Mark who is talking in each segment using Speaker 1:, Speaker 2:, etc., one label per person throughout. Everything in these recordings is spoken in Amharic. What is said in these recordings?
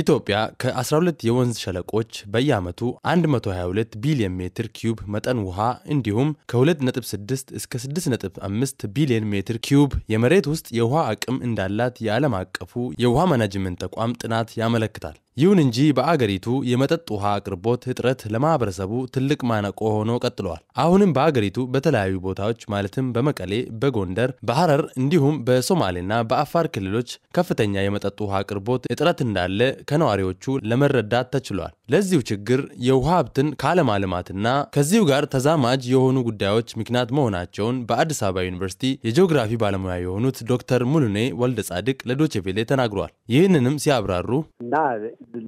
Speaker 1: ኢትዮጵያ ከ12 የወንዝ ሸለቆች በየዓመቱ 122 ቢሊዮን ሜትር ኪዩብ መጠን ውሃ እንዲሁም ከ2.6 እስከ 6.5 ቢሊዮን ሜትር ኪዩብ የመሬት ውስጥ የውሃ አቅም እንዳላት የዓለም አቀፉ የውሃ ማናጅመንት ተቋም ጥናት ያመለክታል። ይሁን እንጂ በአገሪቱ የመጠጥ ውሃ አቅርቦት እጥረት ለማህበረሰቡ ትልቅ ማነቆ ሆኖ ቀጥሏል። አሁንም በአገሪቱ በተለያዩ ቦታዎች ማለትም በመቀሌ፣ በጎንደር፣ በሐረር እንዲሁም በሶማሌና በአፋር ክልሎች ከፍተኛ የመጠጥ ውሃ አቅርቦት እጥረት እንዳለ ከነዋሪዎቹ ለመረዳት ተችሏል። ለዚሁ ችግር የውሃ ሀብትን ካለማልማትና ከዚሁ ጋር ተዛማጅ የሆኑ ጉዳዮች ምክንያት መሆናቸውን በአዲስ አበባ ዩኒቨርሲቲ የጂኦግራፊ ባለሙያ የሆኑት ዶክተር ሙሉኔ ወልደ ጻድቅ ለዶቼ ቬሌ ተናግሯል። ይህንንም ሲያብራሩ
Speaker 2: እና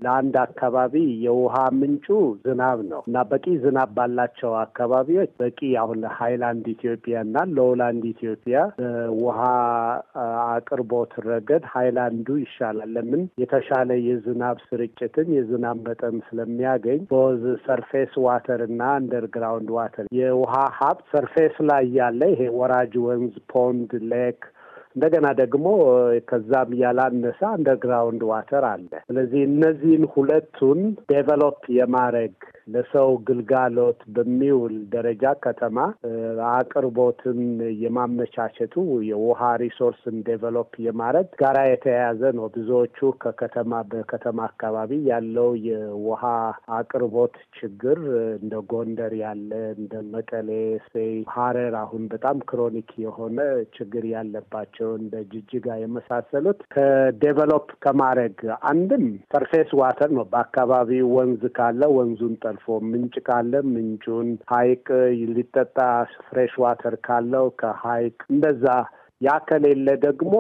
Speaker 2: ለአንድ አካባቢ የውሃ ምንጩ ዝናብ ነው እና በቂ ዝናብ ባላቸው አካባቢዎች በቂ አሁን ሃይላንድ ኢትዮጵያ እና ሎውላንድ ኢትዮጵያ ውሃ አቅርቦት ረገድ ሃይላንዱ ይሻላል። ለምን የተሻለ የዝናብ ስርጭትን የዝናብ መጠን ስለሚያገኝ ቦዝ ሰርፌስ ዋተር እና አንደርግራውንድ ዋተር የውሃ ሀብት ሰርፌስ ላይ ያለ ይሄ ወራጅ ወንዝ፣ ፖንድ፣ ሌክ እንደገና ደግሞ ከዛም ያላነሰ አንደርግራውንድ ዋተር አለ። ስለዚህ እነዚህን ሁለቱን ዴቨሎፕ የማድረግ ለሰው ግልጋሎት በሚውል ደረጃ ከተማ አቅርቦትን የማመቻቸቱ የውሃ ሪሶርስን ዴቨሎፕ የማድረግ ጋራ የተያያዘ ነው። ብዙዎቹ ከከተማ በከተማ አካባቢ ያለው የውሃ አቅርቦት ችግር እንደ ጎንደር ያለ እንደ መቀሌ፣ ሴይ፣ ሀረር አሁን በጣም ክሮኒክ የሆነ ችግር ያለባቸው ናቸው እንደ ጅጅጋ የመሳሰሉት ከዴቨሎፕ ከማድረግ አንድም ሰርፌስ ዋተር ነው። በአካባቢው ወንዝ ካለ ወንዙን ጠልፎ ምንጭ ካለ ምንጩን፣ ሀይቅ ሊጠጣ ፍሬሽ ዋተር ካለው ከሀይቅ እንደዛ ያ ከሌለ ደግሞ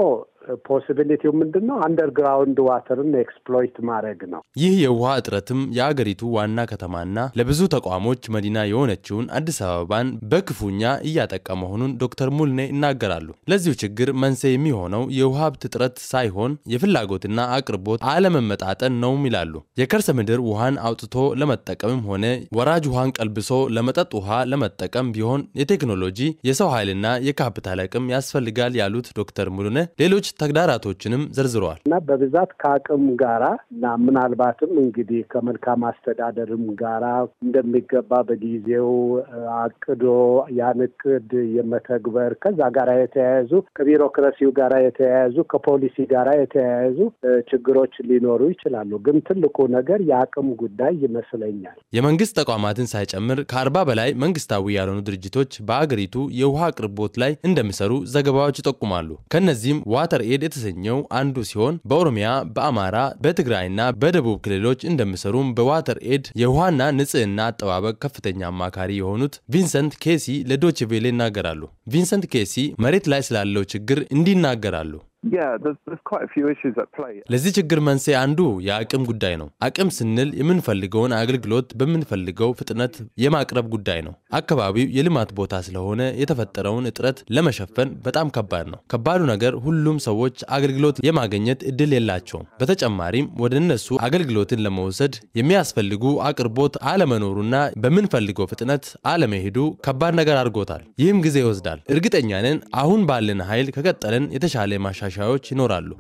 Speaker 2: ፖሲቢሊቲው ምንድን ነው? አንደርግራውንድ ዋተርን ኤክስፕሎይት ማድረግ ነው።
Speaker 1: ይህ የውሃ እጥረትም የአገሪቱ ዋና ከተማና ለብዙ ተቋሞች መዲና የሆነችውን አዲስ አበባን በክፉኛ እያጠቀ መሆኑን ዶክተር ሙልኔ ይናገራሉ። ለዚሁ ችግር መንስኤ የሚሆነው የውሃ ሀብት እጥረት ሳይሆን የፍላጎትና አቅርቦት አለመመጣጠን ነውም ይላሉ። የከርሰ ምድር ውሃን አውጥቶ ለመጠቀምም ሆነ ወራጅ ውሃን ቀልብሶ ለመጠጥ ውሃ ለመጠቀም ቢሆን የቴክኖሎጂ የሰው ኃይልና የካፒታል አቅም ያስፈልጋል ያሉት ዶክተር ሙሉነ ሌሎች ተግዳራቶችንም ዘርዝረዋል
Speaker 2: እና በብዛት ከአቅም ጋራ እና ምናልባትም እንግዲህ ከመልካም አስተዳደርም ጋራ እንደሚገባ በጊዜው አቅዶ ያን እቅድ የመተግበር ከዛ ጋራ የተያያዙ ከቢሮክራሲው ጋራ የተያያዙ ከፖሊሲ ጋራ የተያያዙ ችግሮች ሊኖሩ ይችላሉ። ግን ትልቁ ነገር የአቅም ጉዳይ ይመስለኛል።
Speaker 1: የመንግስት ተቋማትን ሳይጨምር ከአርባ በላይ መንግስታዊ ያልሆኑ ድርጅቶች በአገሪቱ የውሃ አቅርቦት ላይ እንደሚሰሩ ዘገባዎች ይጠቁማሉ። ከነዚህም ዋተር ኤድ የተሰኘው አንዱ ሲሆን በኦሮሚያ በአማራ በትግራይና በደቡብ ክልሎች እንደሚሰሩም በዋተር ኤድ የውሃና ንጽህና አጠባበቅ ከፍተኛ አማካሪ የሆኑት ቪንሰንት ኬሲ ለዶችቬሌ ይናገራሉ። ቪንሰንት ኬሲ መሬት ላይ ስላለው ችግር እንዲናገራሉ። ለዚህ ችግር መንስኤ አንዱ የአቅም ጉዳይ ነው። አቅም ስንል የምንፈልገውን አገልግሎት በምንፈልገው ፍጥነት የማቅረብ ጉዳይ ነው። አካባቢው የልማት ቦታ ስለሆነ የተፈጠረውን እጥረት ለመሸፈን በጣም ከባድ ነው። ከባዱ ነገር ሁሉም ሰዎች አገልግሎት የማግኘት እድል የላቸውም። በተጨማሪም ወደ እነሱ አገልግሎትን ለመውሰድ የሚያስፈልጉ አቅርቦት አለመኖሩና በምንፈልገው ፍጥነት አለመሄዱ ከባድ ነገር አድርጎታል። ይህም ጊዜ ይወስዳል። እርግጠኛ ነን አሁን ባለን ኃይል ከቀጠለን የተሻለ ማሻ ማሻሻያዎች ይኖራሉ።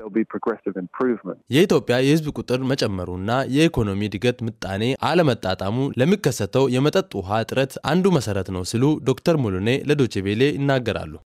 Speaker 1: የኢትዮጵያ የህዝብ ቁጥር መጨመሩና የኢኮኖሚ እድገት ምጣኔ አለመጣጣሙ ለሚከሰተው የመጠጥ ውሃ እጥረት አንዱ መሰረት ነው ሲሉ ዶክተር ሙሉኔ ለዶቼ ቬሌ ይናገራሉ።